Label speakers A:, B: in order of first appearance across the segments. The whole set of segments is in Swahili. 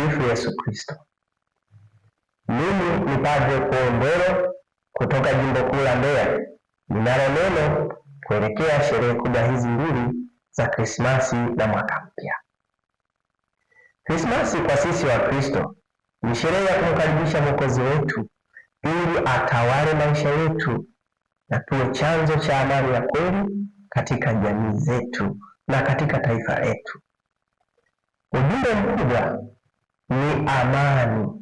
A: Tumsifu Yesu Kristo. Mimi ni Padre Kuombero kutoka jimbo kuu la Mbeya. Ninalo neno kuelekea sherehe kubwa hizi mbili za Krismasi na mwaka mpya. Krismasi kwa sisi wa Kristo ni sherehe ya kumkaribisha Mwokozi wetu ili atawale maisha yetu na tuwe chanzo cha amani ya kweli katika jamii zetu na katika taifa letu. Ujumbe mkubwa ni amani.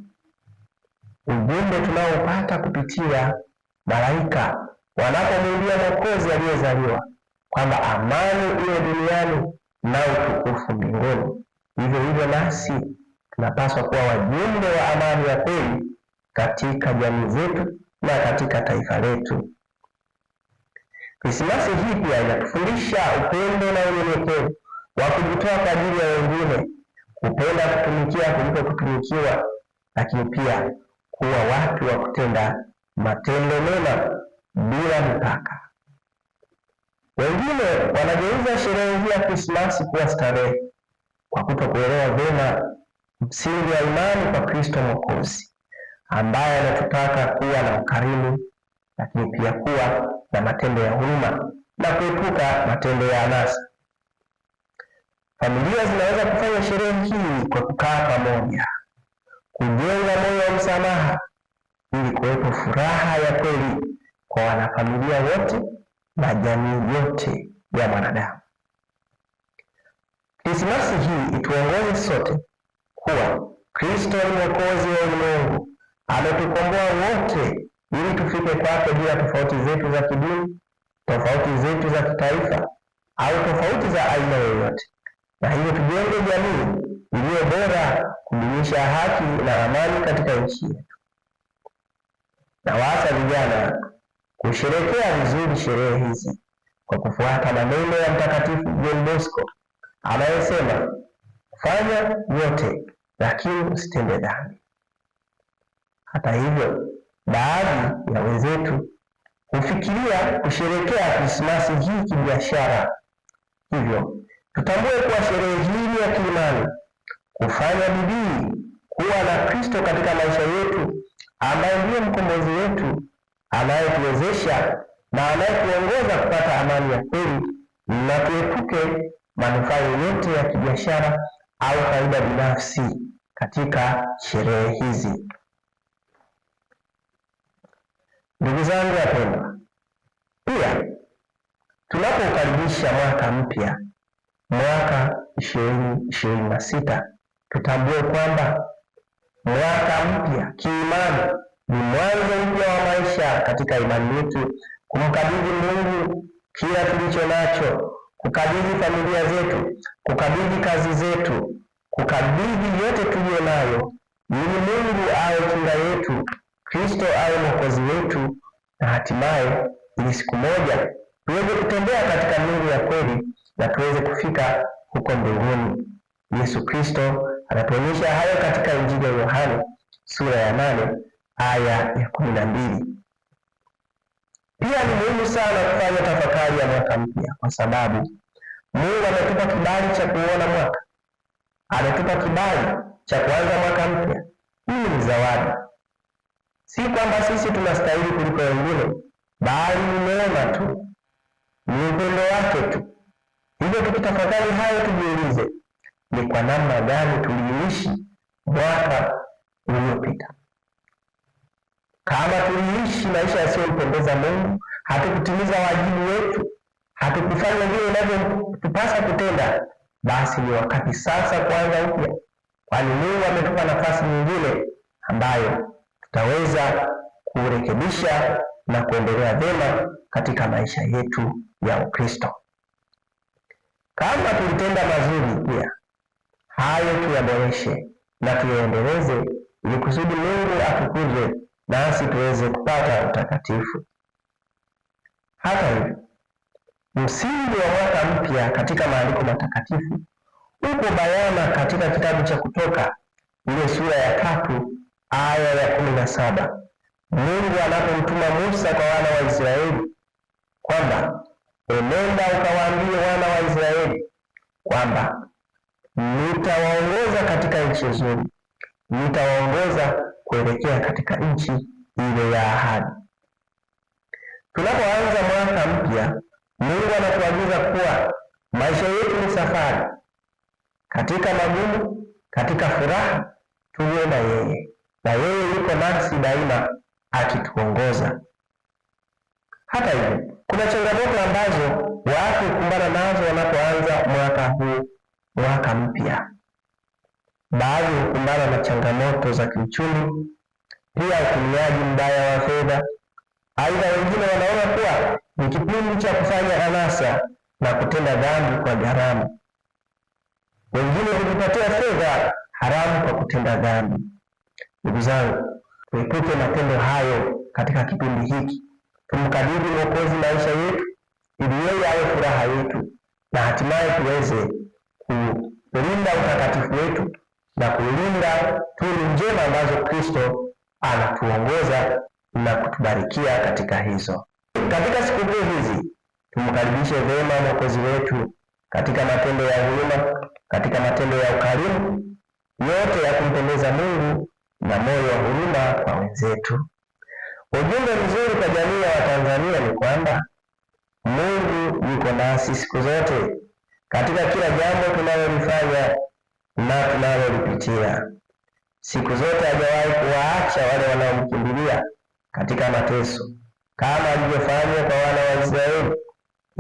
A: Ujumbe tunaopata kupitia malaika wanapomwambia Mwokozi aliyezaliwa kwamba amani iwe duniani na utukufu mbinguni. Hivyo hivyo nasi tunapaswa kuwa wajumbe wa amani ya kweli katika jamii zetu na katika taifa letu. Krismasi hii pia inatufundisha upendo na unyenyekevu wa kujitoa kwa ajili ya wengine kupenda kutumikia kuliko kutumikiwa, lakini pia kuwa watu wa kutenda matendo mema bila mipaka. Wengine wanageuza sherehe hii ya Krismasi kuwa starehe kwa kutokuelewa vyema msingi wa imani kwa Kristo Mwokozi ambaye anatutaka kuwa na ukarimu, lakini pia kuwa na matendo ya huruma na kuepuka matendo ya anasa. Familia zinaweza kufanya sherehe hii kwa kukaa pamoja, kujenga moyo wa msamaha ili kuwepo furaha ya kweli kwa wanafamilia wote na jamii yote ya mwanadamu. Krismasi hii ituongoze sote kuwa Kristo ni Mwokozi wa ulimwengu, ametukomboa wote ili tufike kwake bila tofauti zetu za kidini, tofauti zetu za kitaifa au tofauti za aina yoyote. Na hivyo tujenge jamii iliyo bora kudumisha haki na amani katika nchi yetu. Nawasa vijana kusherekea vizuri sherehe hizi kwa kufuata maneno ya Mtakatifu John Bosco anayesema, fanya yote lakini usitende dhambi. Hata hivyo, baadhi ya wenzetu hufikiria kusherekea Krismasi hii kibiashara, hivyo Tutambue kuwa sherehe hii ya kiimani kufanya bidii kuwa na Kristo katika maisha yetu, ambaye ndiye mkombozi wetu, anayetuwezesha na anayetuongoza kupata amani ya kweli, na tuepuke manufaa yoyote ya kibiashara au faida binafsi katika sherehe hizi. Ndugu zangu wapendwa, pia tunapokaribisha mwaka mpya mwaka ishirini ishirini na sita. Tutambue kwamba mwaka mpya kiimani ni mwanzo mpya wa maisha katika imani yetu, kumkabidhi Mungu kila tulicho nacho, kukabidhi familia zetu, kukabidhi kazi zetu, kukabidhi yote tuliyo nayo, ili Mungu awe kinga yetu, Kristo awe mwokozi wetu, na hatimaye ili siku moja tuweze kutembea katika nuru ya kweli na tuweze kufika huko mbinguni. Yesu Kristo anatuonyesha hayo katika Injili ya Yohana sura ya nane aya ya kumi na mbili. Pia ni muhimu sana kufanya tafakari ya mwaka mpya, kwa sababu Mungu ametupa kibali cha kuona mwaka, ametupa kibali cha kuanza mwaka mpya. Hii ni zawadi, si kwamba sisi tunastahili kuliko wengine, bali ni neema tu, ni upendo wake tu. Tunapokuja kutafakari hayo, tujiulize ni kwa namna gani tuliishi mwaka uliopita. Kama tuliishi maisha yasiyompendeza Mungu, hatukutimiza wajibu wetu, hatukufanya vile inavyotupasa kutenda, basi ni wakati sasa kuanza upya, kwani Mungu ametupa nafasi nyingine ambayo tutaweza
B: kurekebisha
A: na kuendelea vyema katika maisha yetu ya Ukristo. Kama tulitenda mazuri pia, hayo tuyaboreshe na tuyaendeleze, ili kusudi Mungu atukuzwe, nasi tuweze kupata utakatifu. Hata hivyo, msingi wa mwaka mpya katika maandiko matakatifu uko bayana katika kitabu cha Kutoka ile sura ya tatu aya ya kumi na saba Mungu anapomtuma Musa kwa wana wa Israeli kwamba enenda ukawaambie wana kwamba nitawaongoza katika nchi nzuri, nitawaongoza kuelekea katika nchi ile ya ahadi. Tunapoanza mwaka mpya, Mungu anatuagiza kuwa maisha yetu ni safari, katika magumu, katika furaha, tuwe na yeye, na yeye yuko nasi daima akituongoza. Hata hivyo, kuna changamoto ambazo watu kumbana nazo wanapo kuanza huu mwaka mpya. Baadhi hukumbana na changamoto za kiuchumi, pia utumiaji mbaya wa fedha. Aidha, wengine wanaona kuwa ni kipindi cha kufanya anasa na kutenda dhambi kwa gharama. Wengine hujipatia fedha haramu kwa kutenda dhambi. Ndugu zangu, tuepuke matendo hayo katika kipindi hiki, tumkabidhi Mwokozi maisha yetu ili yeye awe furaha yetu na hatimaye tuweze kulinda utakatifu wetu na kulinda tunu njema ambazo Kristo anatuongoza na kutubarikia katika hizo. Katika sikukuu hizi tumkaribishe vema Mwokozi wetu katika matendo ya huruma, katika matendo ya ukarimu yote ya kumpendeza Mungu na moyo wa huruma kwa wenzetu. Ujumbe mzuri kwa jamii ya Watanzania ni kwamba Mungu yuko nasi siku zote katika kila jambo tunalolifanya na tunalolipitia. Siku zote hajawahi kuwaacha wale wanaomkimbilia katika mateso, kama alivyofanya kwa wana wa Israeli.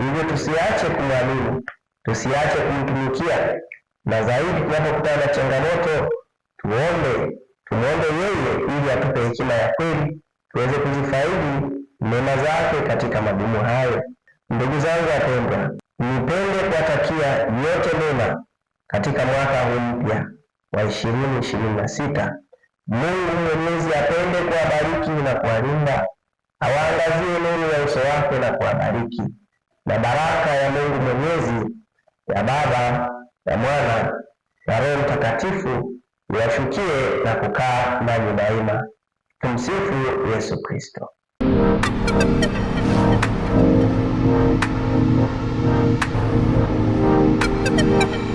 A: Hivyo tusiache kumwamini, tusiache kumtumikia, na zaidi tunapokutana na changamoto tuombe, tumwombe yeye ili atupe hekima ya kweli tuweze kuzifaidi neema zake katika magumu hayo. Ndugu zangu wapendwa, nipende kuwatakia yote mema katika mwaka huu mpya wa ishirini ishirini na sita. Mungu Mwenyezi apende kuwabariki na kuwalinda, awaangazie nuru ya uso wake na kuwabariki, na baraka ya Mungu Mwenyezi ya Baba ya Mwana na Roho Mtakatifu iwashukie na kukaa nanyi daima. Tumsifu Yesu Kristo. Ha ha ha!